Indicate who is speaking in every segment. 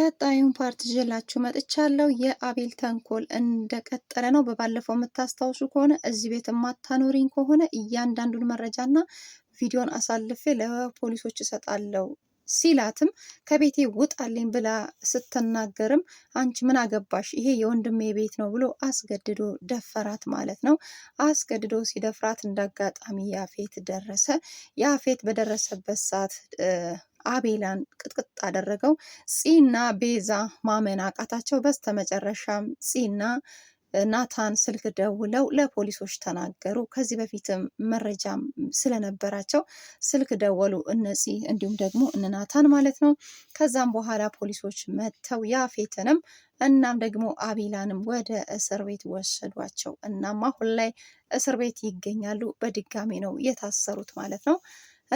Speaker 1: ቀጣዩን ፓርት ይዤላችሁ መጥቻለሁ። የአቤል ተንኮል እንደቀጠለ ነው። በባለፈው የምታስታውሱ ከሆነ እዚህ ቤት የማታኖሪኝ ከሆነ እያንዳንዱን መረጃና ቪዲዮን አሳልፌ ለፖሊሶች እሰጣለሁ ሲላትም ከቤቴ ውጣልኝ ብላ ስትናገርም አንቺ ምን አገባሽ ይሄ የወንድሜ ቤት ነው ብሎ አስገድዶ ደፈራት ማለት ነው። አስገድዶ ሲደፍራት እንዳጋጣሚ ያፌት ደረሰ። ያፌት በደረሰበት ሰዓት አቤላን ቅጥቅጥ አደረገው። ፂና ቤዛ ማመን አቃታቸው። በስተመጨረሻም ፂና ናታን ስልክ ደውለው ለፖሊሶች ተናገሩ። ከዚህ በፊትም መረጃም ስለነበራቸው ስልክ ደወሉ እነዚህ እንዲሁም ደግሞ ናታን ማለት ነው። ከዛም በኋላ ፖሊሶች መጥተው ያፌትንም እናም ደግሞ አቤላንም ወደ እስር ቤት ወሰዷቸው። እናም አሁን ላይ እስር ቤት ይገኛሉ። በድጋሚ ነው የታሰሩት ማለት ነው።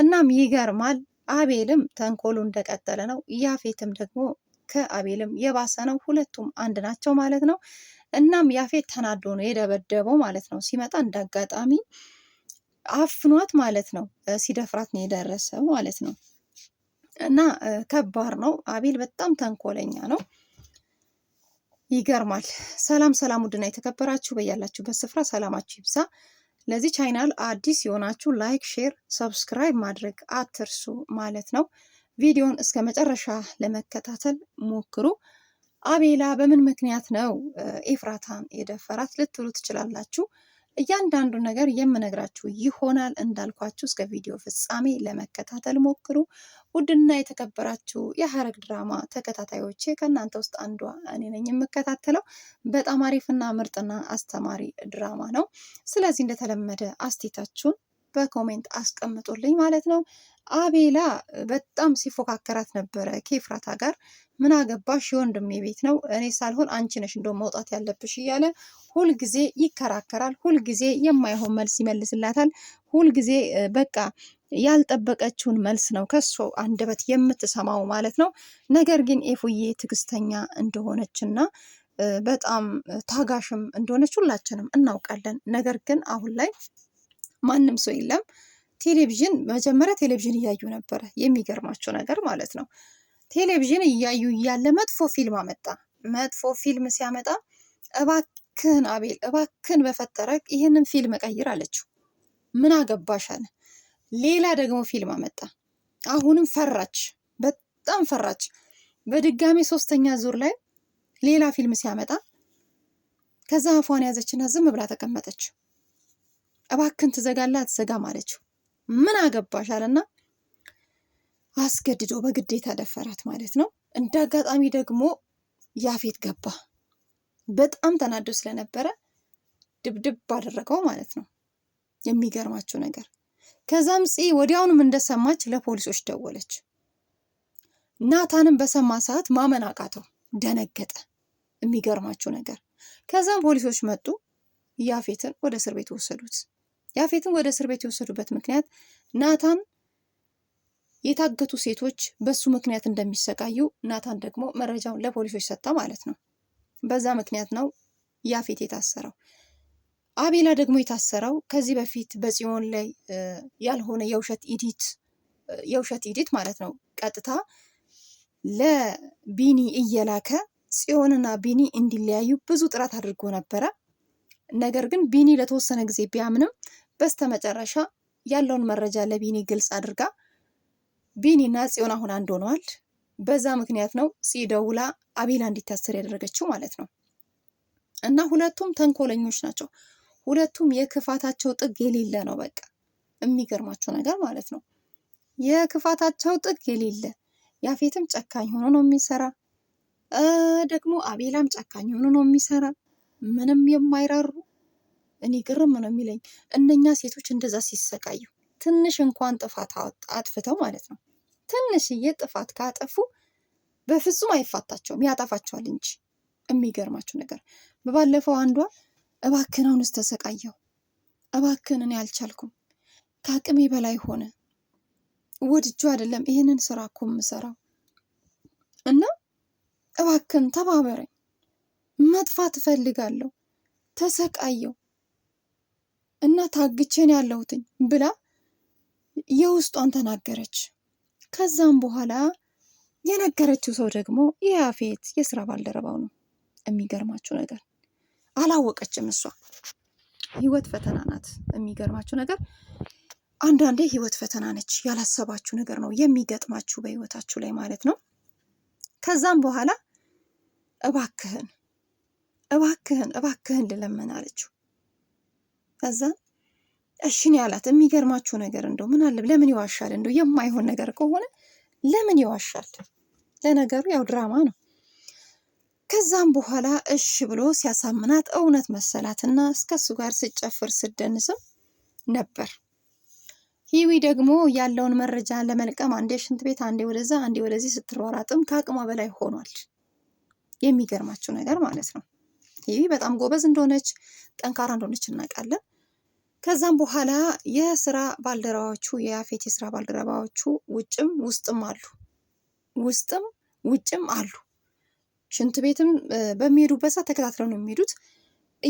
Speaker 1: እናም ይገርማል። አቤልም ተንኮሉ እንደቀጠለ ነው። ያፌትም ደግሞ ከአቤልም የባሰ ነው። ሁለቱም አንድ ናቸው ማለት ነው። እናም ያፌት ተናዶ ነው የደበደበው ማለት ነው። ሲመጣ እንዳጋጣሚ አፍኗት ማለት ነው። ሲደፍራት ነው የደረሰው ማለት ነው። እና ከባድ ነው። አቤል በጣም ተንኮለኛ ነው። ይገርማል። ሰላም ሰላም! ውድና የተከበራችሁ በያላችሁበት ስፍራ ሰላማችሁ ይብዛ። ለዚህ ቻይናል አዲስ የሆናችሁ ላይክ፣ ሼር፣ ሰብስክራይብ ማድረግ አትርሱ ማለት ነው። ቪዲዮን እስከ መጨረሻ ለመከታተል ሞክሩ። አቤላ በምን ምክንያት ነው ኤፍራታን የደፈራት ልትሉ ትችላላችሁ። እያንዳንዱ ነገር የምነግራችሁ ይሆናል። እንዳልኳችሁ እስከ ቪዲዮ ፍጻሜ ለመከታተል ሞክሩ። ውድና የተከበራችሁ የሐረግ ድራማ ተከታታዮቼ ከእናንተ ውስጥ አንዷ እኔ ነኝ። የምከታተለው በጣም አሪፍና ምርጥና አስተማሪ ድራማ ነው። ስለዚህ እንደተለመደ አስቴታችሁን በኮሜንት አስቀምጡልኝ ማለት ነው። አቤላ በጣም ሲፎካከራት ነበረ ከኤፍራታ ጋር ምን አገባሽ የወንድሜ ቤት ነው እኔ ሳልሆን አንቺ ነሽ እንደው መውጣት ያለብሽ እያለ ሁልጊዜ ይከራከራል። ሁልጊዜ የማይሆን መልስ ይመልስላታል። ሁልጊዜ በቃ ያልጠበቀችውን መልስ ነው ከሱ አንደበት የምትሰማው ማለት ነው። ነገር ግን ኤፉዬ ትዕግስተኛ እንደሆነችና በጣም ታጋሽም እንደሆነች ሁላችንም እናውቃለን። ነገር ግን አሁን ላይ ማንም ሰው የለም። ቴሌቪዥን መጀመሪያ ቴሌቪዥን እያዩ ነበረ። የሚገርማቸው ነገር ማለት ነው ቴሌቪዥን እያዩ እያለ መጥፎ ፊልም አመጣ። መጥፎ ፊልም ሲያመጣ እባክን አቤል እባክን በፈጠረ ይህንን ፊልም ቀይር አለችው። ምን አገባሽ ሌላ ደግሞ ፊልም አመጣ። አሁንም ፈራች፣ በጣም ፈራች። በድጋሚ ሶስተኛ ዙር ላይ ሌላ ፊልም ሲያመጣ ከዛ አፏን ያዘችና ዝም ብላ ተቀመጠች። እባክን ትዘጋላ አትዘጋም አለችው። ምን አገባሻል አለና አስገድዶ በግዴታ ደፈራት ማለት ነው። እንደ አጋጣሚ ደግሞ ያፌት ገባ። በጣም ተናዶ ስለነበረ ድብድብ አደረገው ማለት ነው። የሚገርማችሁ ነገር ከዛም ፅ ወዲያውንም እንደሰማች ለፖሊሶች ደወለች። ናታንም በሰማ ሰዓት ማመን አቃተው፣ ደነገጠ። የሚገርማችሁ ነገር ከዛም ፖሊሶች መጡ፣ ያፌትን ወደ እስር ቤት ወሰዱት። ያፌትን ወደ እስር ቤት የወሰዱበት ምክንያት ናታን የታገቱ ሴቶች በሱ ምክንያት እንደሚሰቃዩ ናታን ደግሞ መረጃውን ለፖሊሶች ሰጠ ማለት ነው። በዛ ምክንያት ነው ያፌት የታሰረው። አቤላ ደግሞ የታሰረው ከዚህ በፊት በጽዮን ላይ ያልሆነ የውሸት ኢዲት የውሸት ኢዲት ማለት ነው ቀጥታ ለቢኒ እየላከ ጽዮንና ቢኒ እንዲለያዩ ብዙ ጥረት አድርጎ ነበረ። ነገር ግን ቢኒ ለተወሰነ ጊዜ ቢያምንም በስተመጨረሻ ያለውን መረጃ ለቢኒ ግልጽ አድርጋ ቢኒና ጽዮን አሁን አንድ ሆነዋል። በዛ ምክንያት ነው ጽ ደውላ አቤላ እንዲታሰር ያደረገችው ማለት ነው። እና ሁለቱም ተንኮለኞች ናቸው። ሁለቱም የክፋታቸው ጥግ የሌለ ነው። በቃ የሚገርማቸው ነገር ማለት ነው የክፋታቸው ጥግ የሌለ ያፌትም ጨካኝ ሆኖ ነው የሚሰራ፣ ደግሞ አቤላም ጨካኝ ሆኖ ነው የሚሰራ። ምንም የማይራሩ እኔ ግርም ነው የሚለኝ እነኛ ሴቶች እንደዛ ሲሰቃዩ ትንሽ እንኳን ጥፋት አጥፍተው ማለት ነው ትንሽዬ ጥፋት ካጠፉ በፍጹም አይፋታቸውም፣ ያጠፋቸዋል እንጂ። የሚገርማችሁ ነገር በባለፈው አንዷ እባክህን አሁንስ እባክንን ያልቻልኩም እኔ አልቻልኩም፣ ከአቅሜ በላይ ሆነ፣ ወድጁ አይደለም ይህንን ስራ እኮ የምሰራው እና እባክን ተባበረኝ፣ መጥፋት እፈልጋለሁ፣ ተሰቃየሁ እና ታግቼን ያለሁትኝ ብላ የውስጧን ተናገረች። ከዛም በኋላ የነገረችው ሰው ደግሞ የያፌት የስራ ባልደረባው ነው። የሚገርማችሁ ነገር አላወቀችም። እሷ ህይወት ፈተና ናት። የሚገርማችሁ ነገር አንዳንዴ ህይወት ፈተና ነች። ያላሰባችሁ ነገር ነው የሚገጥማችሁ በህይወታችሁ ላይ ማለት ነው። ከዛም በኋላ እባክህን እባክህን እባክህን ልለምን አለችው። ከዛ እሽን ያላት። የሚገርማችሁ ነገር እንደው ምን አለ ለምን ይዋሻል? እንደው የማይሆን ነገር ከሆነ ለምን ይዋሻል? ለነገሩ ያው ድራማ ነው። ከዛም በኋላ እሽ ብሎ ሲያሳምናት እውነት መሰላትና እስከሱ ጋር ስጨፍር ስደንስም ነበር። ሂዊ ደግሞ ያለውን መረጃ ለመልቀም አንዴ ሽንት ቤት፣ አንዴ ወደዛ፣ አንዴ ወደዚህ ስትሯራጥም ከአቅሟ በላይ ሆኗል። የሚገርማችሁ ነገር ማለት ነው ሂዊ በጣም ጎበዝ እንደሆነች ጠንካራ እንደሆነች እናውቃለን። ከዛም በኋላ የስራ ባልደረባዎቹ የያፌት የስራ ባልደረባዎቹ ውጭም ውስጥም አሉ፣ ውስጥም ውጭም አሉ። ሽንት ቤትም በሚሄዱበት ሰዓት ተከታትለው ነው የሚሄዱት።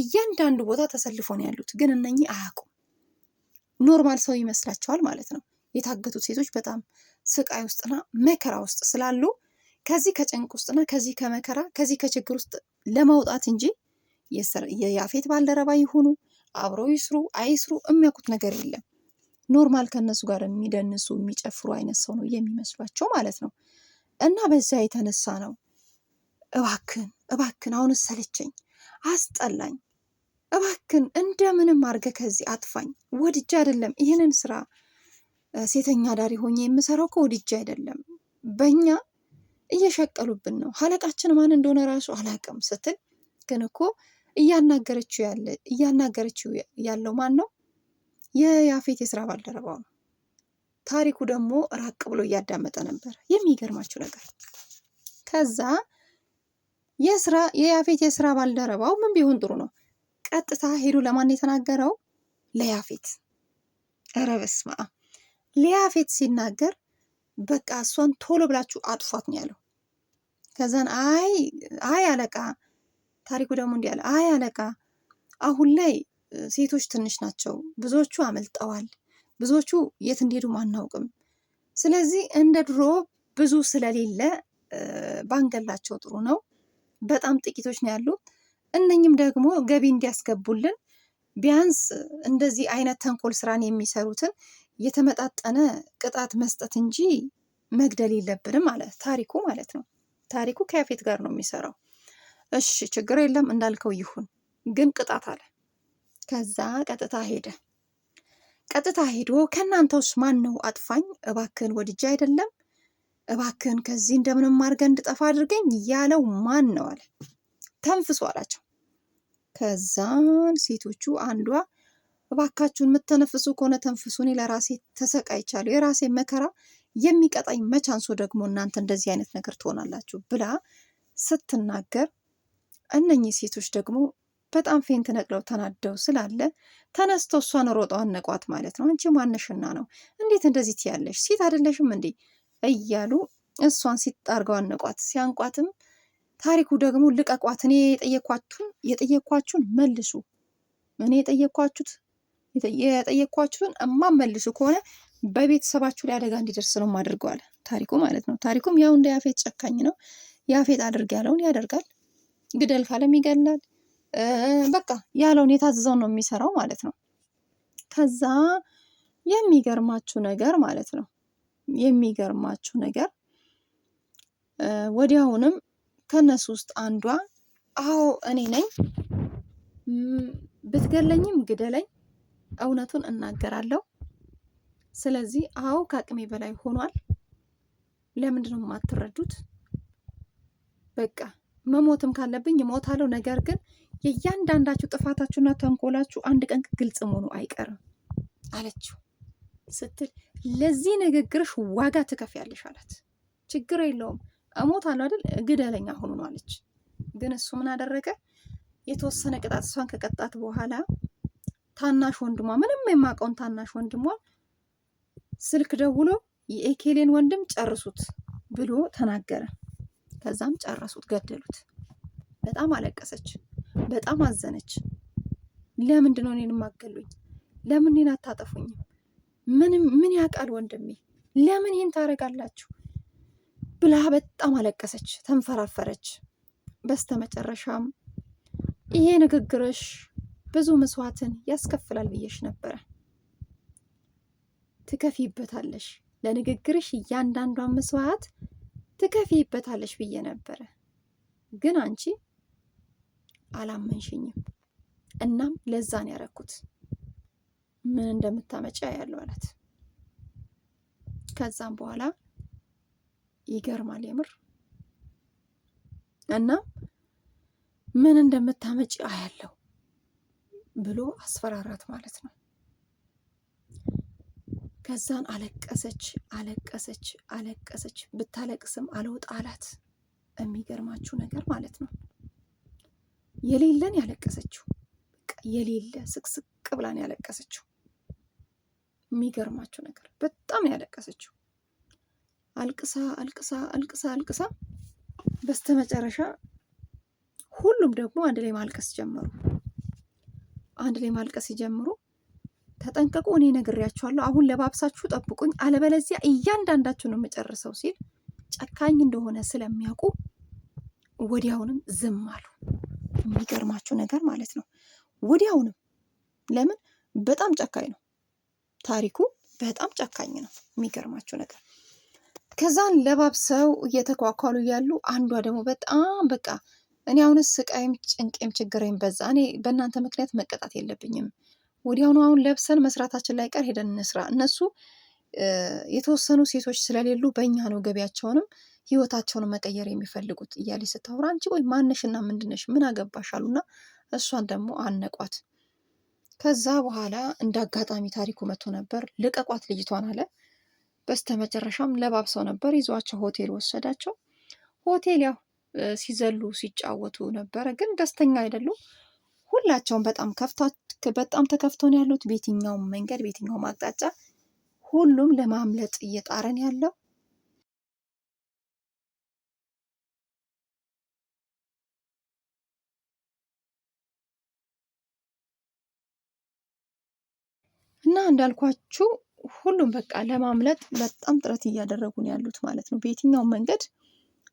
Speaker 1: እያንዳንዱ ቦታ ተሰልፎ ነው ያሉት። ግን እነኚህ አያውቁም። ኖርማል ሰው ይመስላቸዋል ማለት ነው። የታገቱት ሴቶች በጣም ስቃይ ውስጥና መከራ ውስጥ ስላሉ ከዚህ ከጭንቅ ውስጥና ከዚህ ከመከራ ከዚህ ከችግር ውስጥ ለመውጣት እንጂ የያፌት ባልደረባ ይሁኑ አብረው ይስሩ አይስሩ የሚያውቁት ነገር የለም። ኖርማል ከነሱ ጋር የሚደንሱ የሚጨፍሩ አይነት ሰው ነው የሚመስሏቸው ማለት ነው። እና በዚያ የተነሳ ነው እባክን እባክን አሁን ሰለቸኝ፣ አስጠላኝ፣ እባክን እንደምንም አድርገ ከዚህ አጥፋኝ። ወድጄ አይደለም ይህንን ስራ ሴተኛ ዳሪ ሆኜ የምሰራው ከወድጄ አይደለም። በእኛ እየሸቀሉብን ነው። አለቃችን ማን እንደሆነ ራሱ አላውቅም ስትል ግን እኮ እያናገረችው ያለ እያናገረችው ያለው ማን ነው? የያፌት የስራ ባልደረባው ነው። ታሪኩ ደግሞ ራቅ ብሎ እያዳመጠ ነበር። የሚገርማችሁ ነገር ከዛ የስራ የያፌት የስራ ባልደረባው ምን ቢሆን ጥሩ ነው? ቀጥታ ሄዶ ለማን የተናገረው? ለያፌት። ኧረ በስመ አብ! ለያፌት ሲናገር በቃ እሷን ቶሎ ብላችሁ አጥፏት ነው ያለው። ከዛን አይ አይ አለቃ ታሪኩ ደግሞ እንዲህ አለ፣ አይ አለቃ፣ አሁን ላይ ሴቶች ትንሽ ናቸው፣ ብዙዎቹ አመልጠዋል፣ ብዙዎቹ የት እንደሄዱም አናውቅም። ስለዚህ እንደ ድሮ ብዙ ስለሌለ ባንገላቸው ጥሩ ነው። በጣም ጥቂቶች ነው ያሉ። እነኝም ደግሞ ገቢ እንዲያስገቡልን ቢያንስ እንደዚህ አይነት ተንኮል ስራን የሚሰሩትን የተመጣጠነ ቅጣት መስጠት እንጂ መግደል የለብንም አለ ታሪኩ ማለት ነው። ታሪኩ ከያፌት ጋር ነው የሚሰራው። እሺ ችግር የለም እንዳልከው ይሁን ግን ቅጣት አለ። ከዛ ቀጥታ ሄደ። ቀጥታ ሄዶ ከእናንተ ውስጥ ማን ነው አጥፋኝ? እባክህን ወድጄ አይደለም እባክህን ከዚህ እንደምንም አድርገህ እንድጠፋ አድርገኝ ያለው ማን ነው አለ። ተንፍሱ አላቸው። ከዛን ሴቶቹ አንዷ እባካችሁን የምተነፍሱ ከሆነ ተንፍሱ፣ እኔ ለራሴ ተሰቃይቻለሁ፣ የራሴ መከራ የሚቀጣኝ መቻንሶ ደግሞ እናንተ እንደዚህ አይነት ነገር ትሆናላችሁ ብላ ስትናገር እነኚህ ሴቶች ደግሞ በጣም ፌንት ነቅለው ተናደው ስላለ ተነስተው እሷን ሮጠው አነቋት ማለት ነው። አንቺ ማነሽና ነው እንዴት እንደዚህ ትያለሽ? ሴት አይደለሽም እንዴ? እያሉ እሷን ሲጣርገው አነቋት። ሲያንቋትም ታሪኩ ደግሞ ልቀቋት፣ እኔ የጠየኳችሁን የጠየኳችሁን መልሱ፣ እኔ የጠየኳችሁት የጠየኳችሁን እማመልሱ ከሆነ በቤተሰባችሁ ላይ አደጋ እንዲደርስ ነው አድርገዋል ታሪኩ ማለት ነው። ታሪኩም ያው እንደ ያፌት ጨካኝ ነው። ያፌት አድርግ ያለውን ያደርጋል ግደል ካለም ይገላል። በቃ ያለውን የታዘዘውን ነው የሚሰራው ማለት ነው። ከዛ የሚገርማችሁ ነገር ማለት ነው የሚገርማችሁ ነገር ወዲያውንም ከነሱ ውስጥ አንዷ አዎ እኔ ነኝ፣ ብትገለኝም ግደለኝ፣ እውነቱን እናገራለሁ። ስለዚህ አዎ ከአቅሜ በላይ ሆኗል። ለምንድን ነው የማትረዱት? በቃ መሞትም ካለብኝ እሞታለሁ። ነገር ግን የእያንዳንዳችሁ ጥፋታችሁና ተንኮላችሁ አንድ ቀን ግልጽ መሆኑ አይቀርም አለችው ስትል ለዚህ ንግግርሽ ዋጋ ትከፍያለሽ አላት። ችግር የለውም እሞታለሁ አይደል ግደለኛ ሆኑ ነው አለች። ግን እሱ ምን አደረገ? የተወሰነ ቅጣት እሷን ከቀጣት በኋላ ታናሽ ወንድሟ ምንም የማውቀውን ታናሽ ወንድሟ ስልክ ደውሎ የኤኬሌን ወንድም ጨርሱት ብሎ ተናገረ። ከዛም ጨረሱት፣ ገደሉት። በጣም አለቀሰች፣ በጣም አዘነች። ለምንድን ነው እኔን የማገሉኝ? ለምን እኔን አታጠፉኝም? ምንም ምን ያውቃል ወንድሜ? ለምን ይህን ታደርጋላችሁ? ብላ በጣም አለቀሰች፣ ተንፈራፈረች። በስተመጨረሻም ይሄ ንግግርሽ ብዙ መስዋዕትን ያስከፍላል ብዬሽ ነበረ። ትከፊበታለሽ። ለንግግርሽ እያንዳንዷን መስዋዕት ትከፊይበታለሽ ብዬ ነበረ፣ ግን አንቺ አላመንሽኝም። እናም ለዛን ያረኩት ምን እንደምታመጫ ያለው አላት። ከዛም በኋላ ይገርማል የምር እና ምን እንደምታመጪ አያለው ብሎ አስፈራራት ማለት ነው። ከዛን አለቀሰች አለቀሰች አለቀሰች። ብታለቅስም አልወጣ አላት። የሚገርማችሁ ነገር ማለት ነው የሌለን ያለቀሰችው የሌለ ስቅስቅ ብላን ያለቀሰችው የሚገርማችሁ ነገር በጣም ያለቀሰችው አልቅሳ አልቅሳ አልቅሳ አልቅሳ በስተመጨረሻ ሁሉም ደግሞ አንድ ላይ ማልቀስ ጀመሩ። አንድ ላይ ማልቀስ ሲጀምሩ ተጠንቀቁ፣ እኔ ነግሬያችኋለሁ። አሁን ለባብሳችሁ ጠብቁኝ፣ አለበለዚያ እያንዳንዳችሁ ነው የምጨርሰው ሲል ጨካኝ እንደሆነ ስለሚያውቁ ወዲያውንም ዝም አሉ። የሚገርማችሁ ነገር ማለት ነው ወዲያውንም። ለምን? በጣም ጨካኝ ነው ታሪኩ፣ በጣም ጨካኝ ነው። የሚገርማችሁ ነገር ከዛን ለባብሰው እየተኳኳሉ ያሉ አንዷ ደግሞ በጣም በቃ እኔ አሁንስ ስቃይም ጭንቄም ችግሬም በዛ፣ እኔ በእናንተ ምክንያት መቀጣት የለብኝም ወዲያውኑ አሁን ለብሰን መስራታችን ላይ ቀር ሄደን እንስራ። እነሱ የተወሰኑ ሴቶች ስለሌሉ በእኛ ነው ገቢያቸውንም ህይወታቸውን መቀየር የሚፈልጉት እያለች ስታወራ፣ አንቺ ቆይ ማነሽና ምንድነሽ ምን አገባሽ አሉና እሷን ደግሞ አነቋት። ከዛ በኋላ እንደ አጋጣሚ ታሪኩ መጥቶ ነበር። ልቀቋት ልጅቷን አለ። በስተመጨረሻም ለባብሰው ነበር ይዟቸው ሆቴል ወሰዳቸው። ሆቴል ያው ሲዘሉ ሲጫወቱ ነበረ፣ ግን ደስተኛ አይደሉም። ሁላቸውም በጣም ከፍታ በጣም ተከፍቶን ነው ያሉት። በየትኛውም መንገድ በየትኛውም አቅጣጫ ሁሉም ለማምለጥ እየጣረን ያለው እና እንዳልኳችሁ ሁሉም በቃ ለማምለጥ በጣም ጥረት እያደረጉ ነው ያሉት ማለት ነው። በየትኛውም መንገድ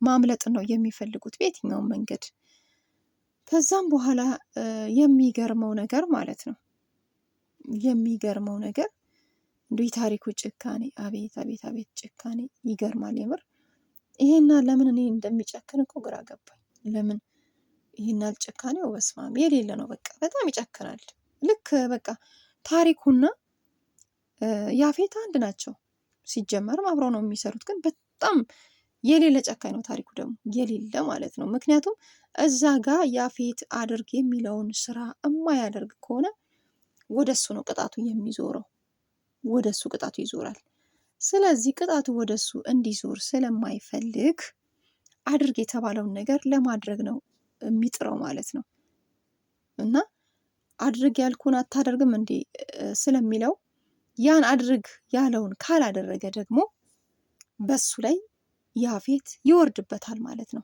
Speaker 1: ማምለጥ ነው የሚፈልጉት በየትኛውም መንገድ ከዛም በኋላ የሚገርመው ነገር ማለት ነው የሚገርመው ነገር እንዲ የታሪኩ ጭካኔ አቤት አቤት አቤት ጭካኔ ይገርማል። የምር ይሄና ለምን እኔ እንደሚጨክን እኮ ግራ ገባኝ። ለምን ይህናል ጭካኔው በስማም የሌለ ነው። በቃ በጣም ይጨክናል። ልክ በቃ ታሪኩና ያፌት አንድ ናቸው። ሲጀመርም አብረው ነው የሚሰሩት፣ ግን በጣም የሌለ ጨካኝ ነው ታሪኩ ደግሞ የሌለ ማለት ነው። ምክንያቱም እዛ ጋር ያፌት አድርግ የሚለውን ስራ እማያደርግ ከሆነ ወደ እሱ ነው ቅጣቱ የሚዞረው፣ ወደ እሱ ቅጣቱ ይዞራል። ስለዚህ ቅጣቱ ወደ እሱ እንዲዞር ስለማይፈልግ አድርግ የተባለውን ነገር ለማድረግ ነው የሚጥረው ማለት ነው እና አድርግ ያልኩን አታደርግም እንዴ ስለሚለው ያን አድርግ ያለውን ካላደረገ ደግሞ በሱ ላይ ያፌት ይወርድበታል ማለት ነው።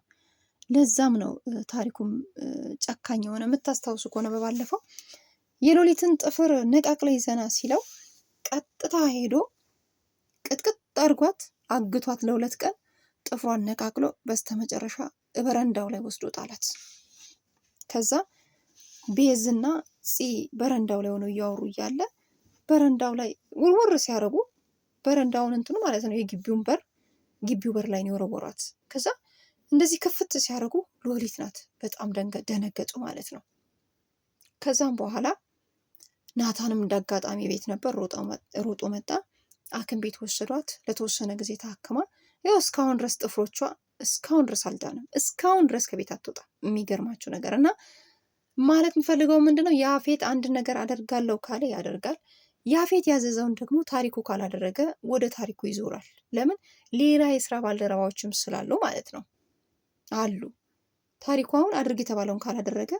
Speaker 1: ለዛም ነው ታሪኩም ጨካኝ የሆነ የምታስታውሱ ከሆነ በባለፈው የሎሊትን ጥፍር ነቃቅለ ይዘና ሲለው ቀጥታ ሄዶ ቅጥቅጥ አድርጓት አግቷት ለሁለት ቀን ጥፍሯን ነቃቅሎ በስተመጨረሻ በረንዳው ላይ ወስዶ ጣላት። ከዛ ቤዝና ፂ በረንዳው ላይ ሆነው እያወሩ እያለ በረንዳው ላይ ውርውር ሲያደርጉ በረንዳውን እንትኑ ማለት ነው የግቢውን በር ግቢው በር ላይ ነው የወረወሯት። ከዛ እንደዚህ ክፍት ሲያደርጉ ሎሊት ናት። በጣም ደነገጡ ማለት ነው። ከዛም በኋላ ናታንም እንዳጋጣሚ ቤት ነበር፣ ሮጦ መጣ። ሐኪም ቤት ወሰዷት። ለተወሰነ ጊዜ ታክማ ያው እስካሁን ድረስ ጥፍሮቿ እስካሁን ድረስ አልዳንም። እስካሁን ድረስ ከቤት አትወጣ። የሚገርማችሁ ነገር እና ማለት የምፈልገው ምንድነው ያ ፌት አንድ ነገር አደርጋለሁ ካለ ያደርጋል። ያፌት ያዘዘውን ደግሞ ታሪኩ ካላደረገ ወደ ታሪኩ ይዞራል። ለምን ሌላ የስራ ባልደረባዎችም ስላሉ ማለት ነው አሉ። ታሪኩ አሁን አድርግ የተባለውን ካላደረገ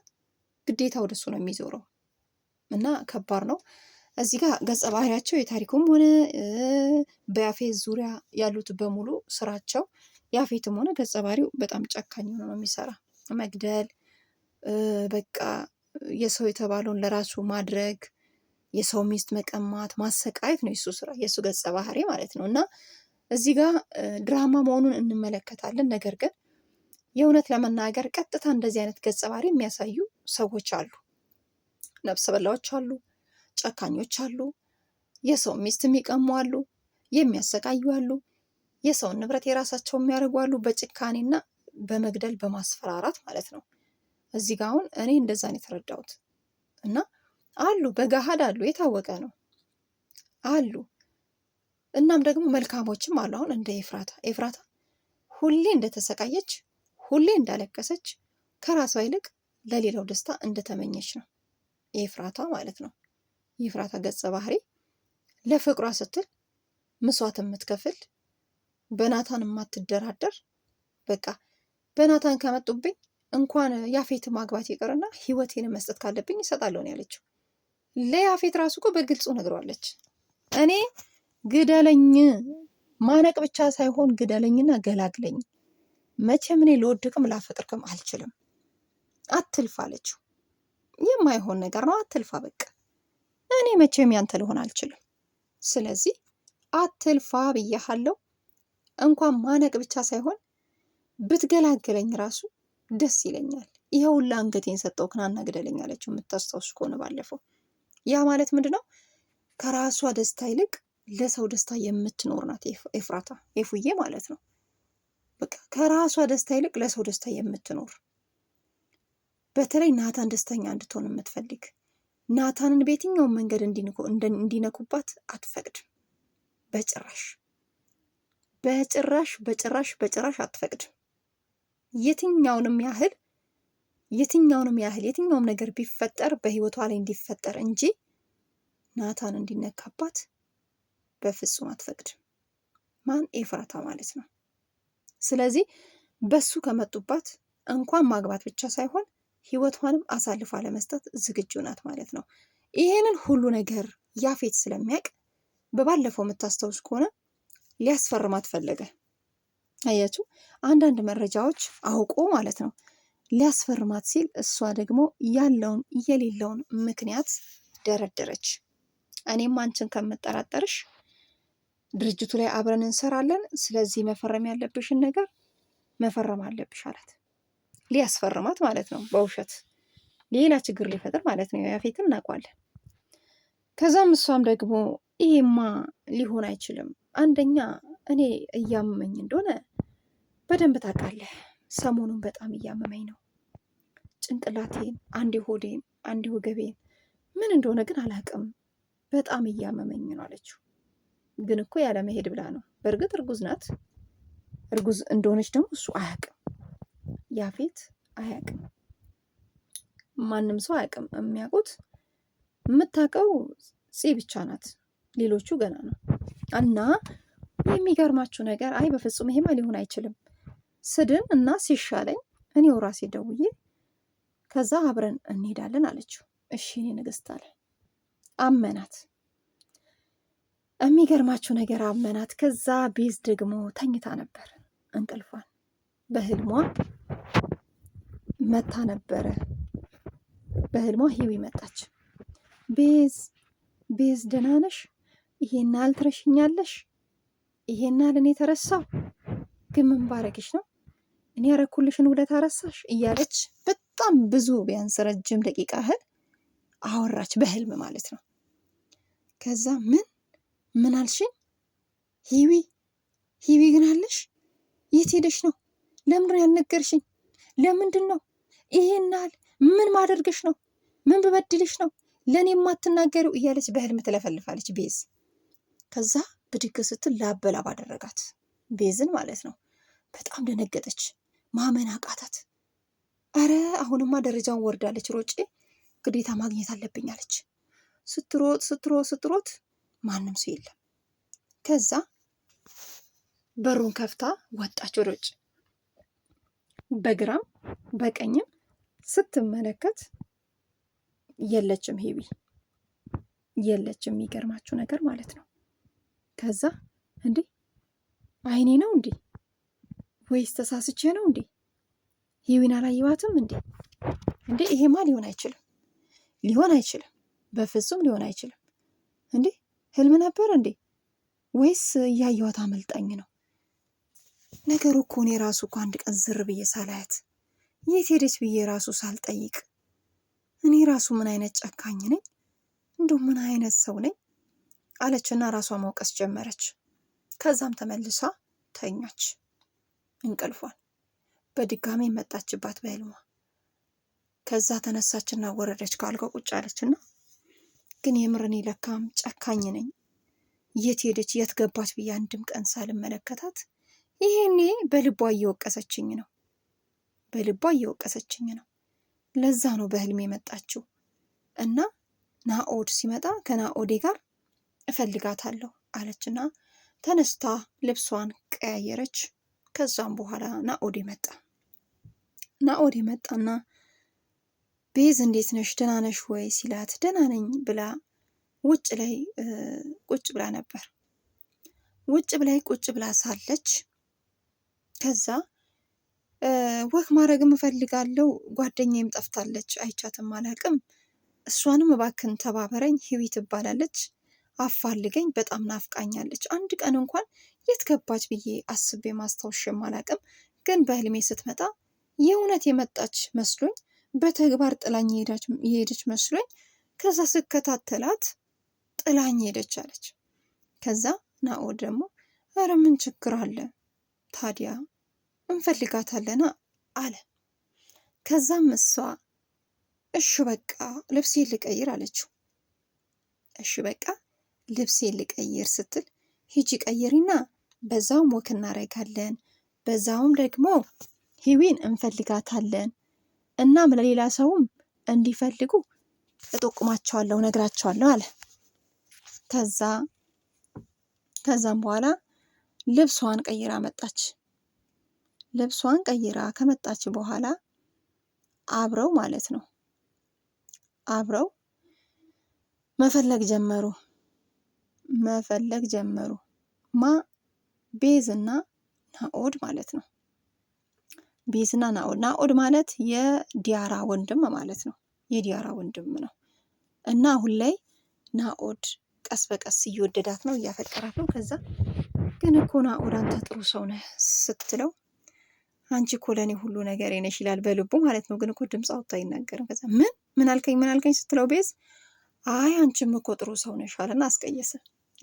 Speaker 1: ግዴታ ወደሱ ነው የሚዞረው እና ከባድ ነው። እዚህ ጋር ገጸ ባህሪያቸው የታሪኩም ሆነ በያፌት ዙሪያ ያሉት በሙሉ ስራቸው ያፌትም ሆነ ገጸ ባህሪው በጣም ጨካኝ ሆኖ ነው የሚሰራ መግደል፣ በቃ የሰው የተባለውን ለራሱ ማድረግ የሰው ሚስት መቀማት ማሰቃየት ነው የሱ ስራ፣ የእሱ ገጸ ባህሪ ማለት ነው። እና እዚህ ጋር ድራማ መሆኑን እንመለከታለን። ነገር ግን የእውነት ለመናገር ቀጥታ እንደዚህ አይነት ገጸ ባህሪ የሚያሳዩ ሰዎች አሉ። ነብሰ በላዎች አሉ፣ ጨካኞች አሉ፣ የሰው ሚስት የሚቀሙ አሉ፣ የሚያሰቃዩ አሉ፣ የሰውን ንብረት የራሳቸው የሚያደርጉ አሉ፣ በጭካኔና በመግደል በማስፈራራት ማለት ነው። እዚህ ጋ አሁን እኔ እንደዛ ነው የተረዳሁት እና አሉ፣ በገሃድ አሉ፣ የታወቀ ነው አሉ። እናም ደግሞ መልካሞችም አሉ። አሁን እንደ ኤፍራታ ኤፍራታ ሁሌ እንደተሰቃየች፣ ሁሌ እንዳለቀሰች፣ ከራሷ ይልቅ ለሌላው ደስታ እንደተመኘች ነው ኤፍራታ ማለት ነው። የኤፍራታ ገጸ ባህሪ ለፍቅሯ ስትል ምስዋት የምትከፍል በናታን የማትደራደር በቃ በናታን ከመጡብኝ እንኳን ያፌት ማግባት ይቅርና ህይወቴን መስጠት ካለብኝ ይሰጣለሁ ነው ያለችው። ለያፌት ራሱ እኮ በግልጹ ነግሯለች። እኔ ግደለኝ ማነቅ ብቻ ሳይሆን ግደለኝና ገላግለኝ፣ መቼም እኔ ልወድቅም ላፈጥርክም አልችልም። አትልፋ አለችው። የማይሆን ነገር ነው፣ አትልፋ በቃ እኔ መቼም ያንተ ልሆን አልችልም። ስለዚህ አትልፋ ብያሃለው። እንኳን ማነቅ ብቻ ሳይሆን ብትገላግለኝ ራሱ ደስ ይለኛል። ይኸውላ አንገቴን ሰጠው ክናና ግደለኝ አለችው። የምታስታውስ ከሆነ ባለፈው ያ ማለት ምንድ ነው? ከራሷ ደስታ ይልቅ ለሰው ደስታ የምትኖር ናት ኤፍራታ ኤፉዬ ማለት ነው። በቃ ከራሷ ደስታ ይልቅ ለሰው ደስታ የምትኖር በተለይ ናታን ደስተኛ እንድትሆን የምትፈልግ ናታንን በየትኛውን መንገድ እንዲነኩባት አትፈቅድም። በጭራሽ በጭራሽ በጭራሽ በጭራሽ አትፈቅድም። የትኛውንም ያህል የትኛውንም ያህል የትኛውም ነገር ቢፈጠር በህይወቷ ላይ እንዲፈጠር እንጂ ናታን እንዲነካባት በፍጹም አትፈቅድም። ማን ኤፍራታ ማለት ነው። ስለዚህ በሱ ከመጡባት እንኳን ማግባት ብቻ ሳይሆን ህይወቷንም አሳልፋ ለመስጠት ዝግጁ ናት ማለት ነው። ይሄንን ሁሉ ነገር ያፌት ስለሚያውቅ በባለፈው የምታስታውስ ከሆነ ሊያስፈርማት ፈለገ። አያችሁ፣ አንዳንድ መረጃዎች አውቆ ማለት ነው ሊያስፈርማት ሲል እሷ ደግሞ ያለውን የሌለውን ምክንያት ደረደረች። እኔም አንቺን ከምጠራጠርሽ ድርጅቱ ላይ አብረን እንሰራለን፣ ስለዚህ መፈረም ያለብሽን ነገር መፈረም አለብሽ አላት። ሊያስፈርማት ማለት ነው፣ በውሸት ሌላ ችግር ሊፈጥር ማለት ነው። ያፌት እናውቋለን። ከዛም እሷም ደግሞ ይሄማ ሊሆን አይችልም፣ አንደኛ እኔ እያመመኝ እንደሆነ በደንብ ታውቃለህ ሰሞኑን በጣም እያመመኝ ነው። ጭንቅላቴን፣ አንዴ ሆዴን፣ አንዴ ወገቤን ምን እንደሆነ ግን አላውቅም። በጣም እያመመኝ ነው አለችው። ግን እኮ ያለመሄድ ብላ ነው። በእርግጥ እርጉዝ ናት። እርጉዝ እንደሆነች ደግሞ እሱ አያውቅም፣ ያፌት አያውቅም፣ ማንም ሰው አያውቅም። የሚያውቁት የምታውቀው ፂ ብቻ ናት። ሌሎቹ ገና ነው እና የሚገርማችሁ ነገር አይ በፍጹም ይሄማ ሊሆን አይችልም ስድን እና ሲሻለኝ እኔው ራሴ ደውዬ ከዛ አብረን እንሄዳለን አለችው። እሺ እኔ ንግስት አለ። አመናት። የሚገርማችሁ ነገር አመናት። ከዛ ቤዝ ደግሞ ተኝታ ነበር እንቅልፏን በህልሟ መታ ነበረ። በህልሟ ሂዊ መጣች። ቤዝ ቤዝ ደህና ነሽ? ይሄን ያህል ትረሽኛለሽ? ይሄን ያህል እኔ ግን ምን ባረግሽ ነው እኔ ያረኩልሽን ውለታ ረሳሽ እያለች በጣም ብዙ ቢያንስ ረጅም ደቂቃ ያህል አወራች፣ በህልም ማለት ነው። ከዛ ምን ምን አልሽኝ? ሂዊ ሂዊ ግን አለሽ? የት ሄደሽ ነው? ለምንድን ያልነገርሽኝ? ለምንድን ነው ይሄናል? ምን ማደርግሽ ነው? ምን ብበድልሽ ነው ለእኔ የማትናገሪው? እያለች በህልም ትለፈልፋለች ቤዝ። ከዛ ብድግ ስትል ላበላብ አደረጋት ቤዝን ማለት ነው። በጣም ደነገጠች። ማመን አቃታት። አረ አሁንማ ደረጃውን ወርዳለች፣ ሮጬ ግዴታ ማግኘት አለብኝ አለች። ስትሮጥ ስትሮጥ ስትሮጥ ማንም ሰው የለም። ከዛ በሩን ከፍታ ወጣች ሮጭ በግራም በቀኝም ስትመለከት የለችም፣ ሄቢ የለችም። የሚገርማችሁ ነገር ማለት ነው። ከዛ እንዴ አይኔ ነው እንዴ ወይስ ተሳስቼ ነው እንዴ? ሂዊን አላየዋትም እንዴ? እንዴ ይሄማ ሊሆን አይችልም፣ ሊሆን አይችልም፣ በፍጹም ሊሆን አይችልም። እንዴ ህልም ነበር እንዴ? ወይስ እያየዋት አመልጣኝ ነው? ነገሩ እኮ እኔ ራሱ እኮ አንድ ቀን ዝር ብዬ ሳላያት የት ሄደች ብዬ ራሱ ሳልጠይቅ እኔ ራሱ ምን አይነት ጨካኝ ነኝ? እንደው ምን አይነት ሰው ነኝ? አለችና ራሷ መውቀስ ጀመረች። ከዛም ተመልሳ ተኛች። እንቅልፏን። በድጋሚ መጣችባት በህልሟ። ከዛ ተነሳችና ወረደች ካልጋ ቁጭ አለችና፣ ግን የምር እኔ ለካም ጨካኝ ነኝ የት ሄደች የት ገባች ብዬ አንድም ቀን ሳልመለከታት ይሄኔ በልቧ እየወቀሰችኝ ነው፣ በልቧ እየወቀሰችኝ ነው። ለዛ ነው በህልሜ የመጣችው እና ናኦድ ሲመጣ ከናኦዴ ጋር እፈልጋታለሁ አለችና ተነስታ ልብሷን ቀያየረች። ከዛም በኋላ ናኦድ መጣ። ናኦድ መጣና ቤዝ እንዴት ነሽ? ደህና ነሽ ወይ ሲላት ደህና ነኝ ብላ ውጭ ላይ ቁጭ ብላ ነበር። ውጭ ላይ ቁጭ ብላ ሳለች ከዛ ወክ ማድረግም እፈልጋለሁ ጓደኛዬም ጠፍታለች፣ አይቻትም አላቅም። እሷንም እባክን ተባበረኝ፣ ህዊ ትባላለች፣ አፋልገኝ፣ በጣም ናፍቃኛለች። አንድ ቀን እንኳን የት ገባች ብዬ አስቤ ማስታወሽ አላቅም። ግን በህልሜ ስትመጣ የእውነት የመጣች መስሎኝ በተግባር ጥላኝ የሄደች መስሎኝ ከዛ ስከታተላት ጥላኝ ሄደች አለች። ከዛ ናኦ ደግሞ አረ ምን ችግር አለ ታዲያ እንፈልጋታለና አለ። ከዛም እሷ እሺ በቃ ልብሴ ልቀይር አለችው። እሺ በቃ ልብሴ ልቀይር ስትል ሂጂ ቀይሪና በዛውም ወክ እናደርጋለን። በዛውም ደግሞ ሂዊን እንፈልጋታለን። እናም ለሌላ ሰውም እንዲፈልጉ እጠቁማቸዋለሁ ነግራቸዋለሁ አለ። ከዛ ከዛም በኋላ ልብሷን ቀይራ መጣች። ልብሷን ቀይራ ከመጣች በኋላ አብረው ማለት ነው አብረው መፈለግ ጀመሩ። መፈለግ ጀመሩ ማ ቤዝና ናኦድ ማለት ነው። ቤዝና ናኦድ ናኦድ ማለት የዲያራ ወንድም ማለት ነው። የዲያራ ወንድም ነው እና አሁን ላይ ናኦድ ቀስ በቀስ እየወደዳት ነው፣ እያፈቀራት ነው። ከዛ ግን እኮ ናኦድ አንተ ጥሩ ሰው ነህ ስትለው አንቺ እኮ ለእኔ ሁሉ ነገር ነሽ ይላል በልቡ ማለት ነው። ግን እኮ ድምፅ አውጥቶ አይናገርም። ከዛ ምን ምን አልከኝ ምን አልከኝ ስትለው ቤዝ አይ አንቺም እኮ ጥሩ ሰው ነሽ አለና አስቀየሰ።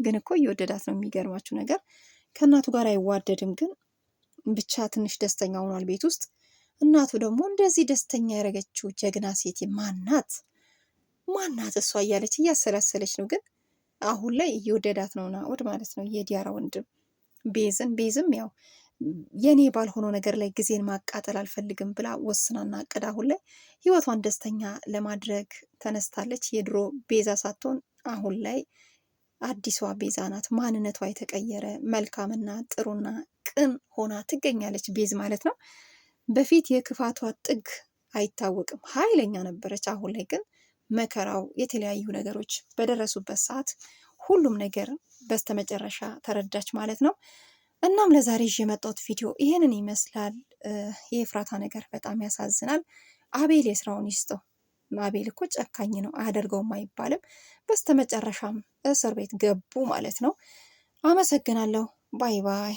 Speaker 1: ግን እኮ እየወደዳት ነው። የሚገርማችሁ ነገር ከእናቱ ጋር አይዋደድም፣ ግን ብቻ ትንሽ ደስተኛ ሆኗል ቤት ውስጥ። እናቱ ደግሞ እንደዚህ ደስተኛ ያደረገችው ጀግና ሴት ማናት ማናት እሷ እያለች እያሰላሰለች ነው። ግን አሁን ላይ እየወደዳት ነው ናኦድ ማለት ነው የዲያራ ወንድም ቤዝን። ቤዝም ያው የእኔ ባልሆነው ነገር ላይ ጊዜን ማቃጠል አልፈልግም ብላ ወስናና ቅድ አሁን ላይ ህይወቷን ደስተኛ ለማድረግ ተነስታለች። የድሮ ቤዛ ሳትሆን አሁን ላይ አዲሷ ቤዛ ናት። ማንነቷ የተቀየረ መልካምና ጥሩና ቅን ሆና ትገኛለች ቤዝ ማለት ነው። በፊት የክፋቷ ጥግ አይታወቅም፣ ኃይለኛ ነበረች። አሁን ላይ ግን መከራው፣ የተለያዩ ነገሮች በደረሱበት ሰዓት ሁሉም ነገር በስተመጨረሻ ተረዳች ማለት ነው። እናም ለዛሬ ይዤ የመጣሁት ቪዲዮ ይህንን ይመስላል። የኤፍራታ ነገር በጣም ያሳዝናል። አቤል የስራውን ይስጠው። አቤል እኮ ጨካኝ ነው፣ አያደርገውም አይባልም። በስተመጨረሻም እስር ቤት ገቡ ማለት ነው። አመሰግናለሁ። ባይ ባይ።